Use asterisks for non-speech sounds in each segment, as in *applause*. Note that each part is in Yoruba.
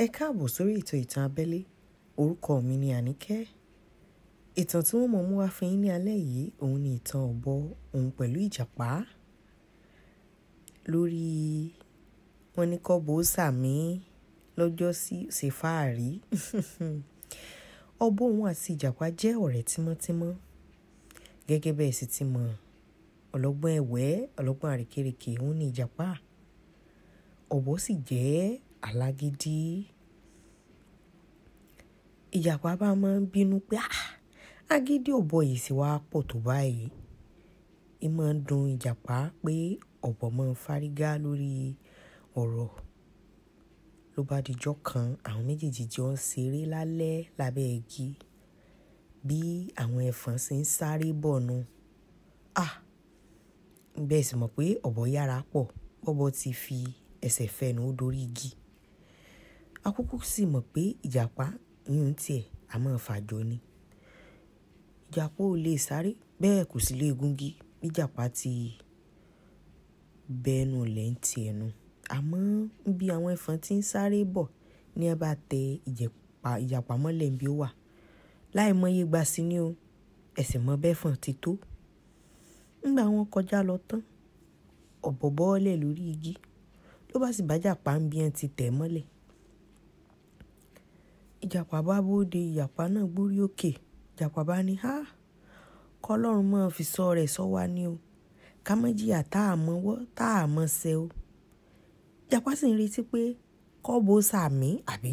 Ẹ káàbọ̀ sórí ètò ìtàn abẹ́lé. Orúkọ mi ni Àníkẹ́. Ìtàn tí wọ́n mọ̀ mú wá fún yín ní alẹ́ yìí, òun ni ìtàn ọ̀bọ, òun pẹ̀lú ìjàpá. Lórí wọ́n ní kọ́bọ̀ ó sàmí lọ́jọ́ sí ṣe fáàrí. *laughs* ọ̀bọ òun àti ìjàpá jẹ́ ọ̀rẹ́ tímọ́tímọ́. Gẹ́gẹ́ bẹ́ẹ̀ sì ti mọ̀, ọlọ́gbọ́n ẹ̀wẹ́, ọlọ́gbọ́n àrékérekè, òun ni ìjàpá. Ọ̀bọ sì jẹ́ alágídí. Ìyàwó bá máa ń bínú pé ah agídí ọ̀bọ yìí sì wá pọ̀ tó báyìí. Ì máa ń dun Ìjàpá pé ọ̀bọ máa ń fárígá lórí ọ̀rọ̀. Ló bá dijọ́ kan, àwọn méjèèjì jọ ń ṣeré lálẹ́ lábẹ́ igi. Bí àwọn ẹ̀fọn ṣe ń sáré bọ̀ nu. Ah! Bẹ́ẹ̀ sì mọ̀ pé ọ̀bọ yára pọ̀. Bọ́bọ́ ti fi ẹsẹ̀ fẹnu ó dórí igi akókó sì mọ̀ pé ìjàpá yún tiẹ̀ a máa fàjọ ni ìjàpá ò lè sáré bẹ́ẹ̀ kò sì lè gúngi bíjàpá ti bẹ́ẹ̀nù lẹ́ǹtì ẹ̀nu àmọ́ níbi àwọn ẹ̀fọn tí ń sáré bọ̀ ní ẹ bá tẹ ìjàpá mọ́lẹ̀ bí ó wà láì mọye gbà sí ni o ẹ̀sìn mọ́ bẹ́fọ̀n ti tó ńgbà wọn kọjá lọ tán ọ̀bọ̀ bọ́ọ̀lẹ̀ lórí igi ló bá sì bájà pa ń bí ẹn ti tẹ̀ mọ́lẹ̀ Japa bá bóde ìjàpá náà gbórí òkè japa bá ní á kọlọ́run máa fi sọ rẹ̀ sọ wá ní o ká má jìyà tá a mọ̀ wọ́ tá a mọ̀ ṣe o ìjàpá sì ń retí pé kọ́bọ̀ sàmí àbí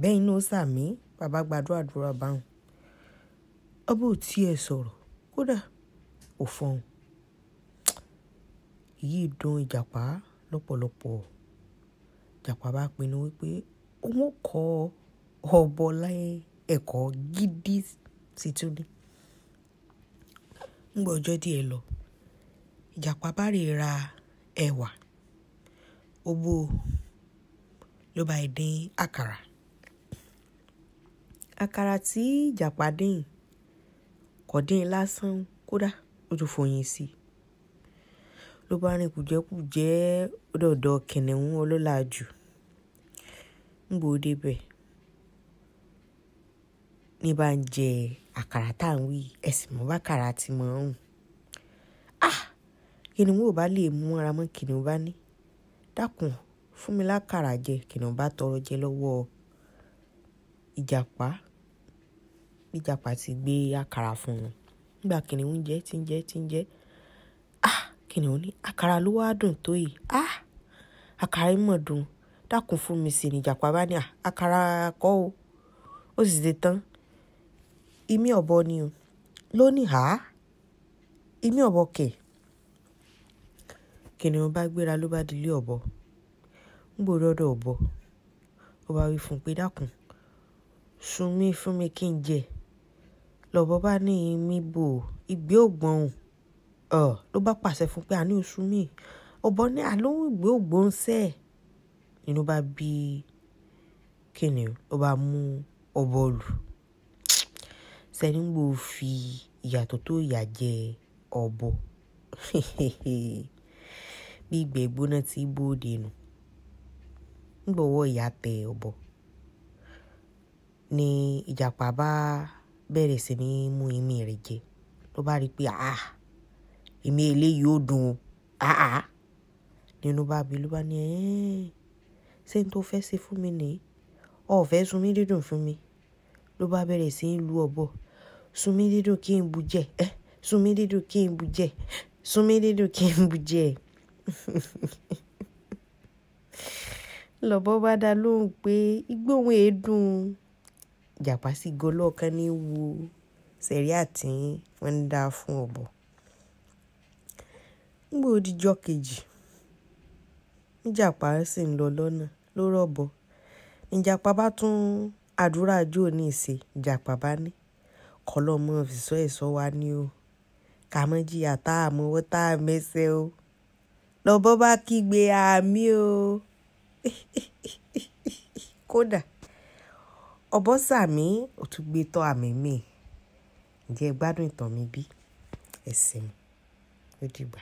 bẹ́ẹ̀ inú sàmí bàbá gbàdúrà dúrà báwọn ọba ò tiẹ̀ sọ̀rọ̀ kódà ò fọhùn yìí dùn ìjàpá lọ́pọ̀lọpọ̀ ìjàpá bá pinnu wípé òun kọ́ ọ ọ̀bọ̀làyé ẹ̀kọ́ gidi sì tún ni ńgbọ́ ọjọ́ díẹ̀ lọ ìjàpá bá rè ra ẹ̀wà ó bó ló bá dín àkàrà àkàrà tí ìjàpá dín kò dín lásán kódà ó tún fòyìn sí i ló bá rìn kùjẹ́kùjẹ́ ọ̀dọ̀ọ̀dọ̀ kìnìún ọlọ́làjù ńgbò débẹ̀ ní bá ń jẹ àkàrà tá à ń wí ẹ̀sìn mọ́ bàkàrà ti mọ̀ ọ́n. ah kìnìún ò bá lè mú ara mọ́ kìnìún bá ní dákun fún mi lákàrà jẹ kìnìún bá tọrọ jẹ lọ́wọ́ ìjàpá ìjàpá ti gbé àkàrà fún un nígbà kìnìún ń jẹ tí ń jẹ tí ń jẹ ah kìnìún ní àkàrà ló wá dùn tó yìí ah àkàrà yìí mọ̀ dùn dákun fún mi sí ni ìjàpá bá ní ah! àkàrà kọ́ o ó sì ti tán imi ọ̀bọ ni o ló ha imi ọ̀bọ kẹ̀ kìnìún bá gbéra ló bá dilé ọ̀bọ ń gbòòrò ọ̀dọ̀ ọ̀bọ ó bá wí fún un pé dákun sun mí fún mi kí n jẹ lọ́bọ bá ní imí bò ìgbé ògbọ́n òun ló bá pàṣẹ fún pé àní oṣù mi ọ̀bọ ní àlóhùn ìgbé ògbọ́n sẹ́ inú bá bí kìnìún ló bá mú ọ̀bọ lù. Tinubu fi ìyà tó tó ìyà jẹ ọ̀bọ *laughs* bí ìgbẹ́ gbóná tí bóde nù ńgbọ́wọ́ ìyà tẹ ọ̀bọ ni ìjàpá bá bẹ̀rẹ̀ sí ní mú imí rẹ̀ jẹ ló bá rí i pé àá èmi eléyìí ó dùn o àá nínú bá bi ló bá ní ẹ́ẹ́ ṣé n tó fẹ́ ṣe fún mi nìyí ọ̀fẹ́ sun mí dídùn fún mi ló bá bẹ̀rẹ̀ sí í lu ọ̀bọ sunmi dídùn kí n bù jẹ ẹ eh, sunmi dídùn kí n bù jẹ sunmi dídùn kí n bù jẹ *laughs* lọ́bọ̀ bá dá lóhùn pé igbó òun èédùn jàpá sí gọlọ́ọ̀kan ní wo sẹ̀rí àti wọ́n ń dá fún ọ̀bọ̀ ngbò díjọ́ kejì níjàpá sì ń lọ lọ́nà ló rọ̀bọ̀ níjàpá bá tún àdúrà jò ní ìsè ìjàpá bá ní kọ́lọ́mọ fìṣọ́ ẹ̀ṣọ́ wa ni o ká mọ́ jìyà tá a mọ́wọ́ tá a mẹ́sẹ̀ o lọ́bọ́ bá kígbe àmì o *laughs* kódà ọ̀bọ sàmí ò àmì mi ǹjẹ́ gbádùn ìtàn mi bí ẹ̀sìn mi ó dìgbà.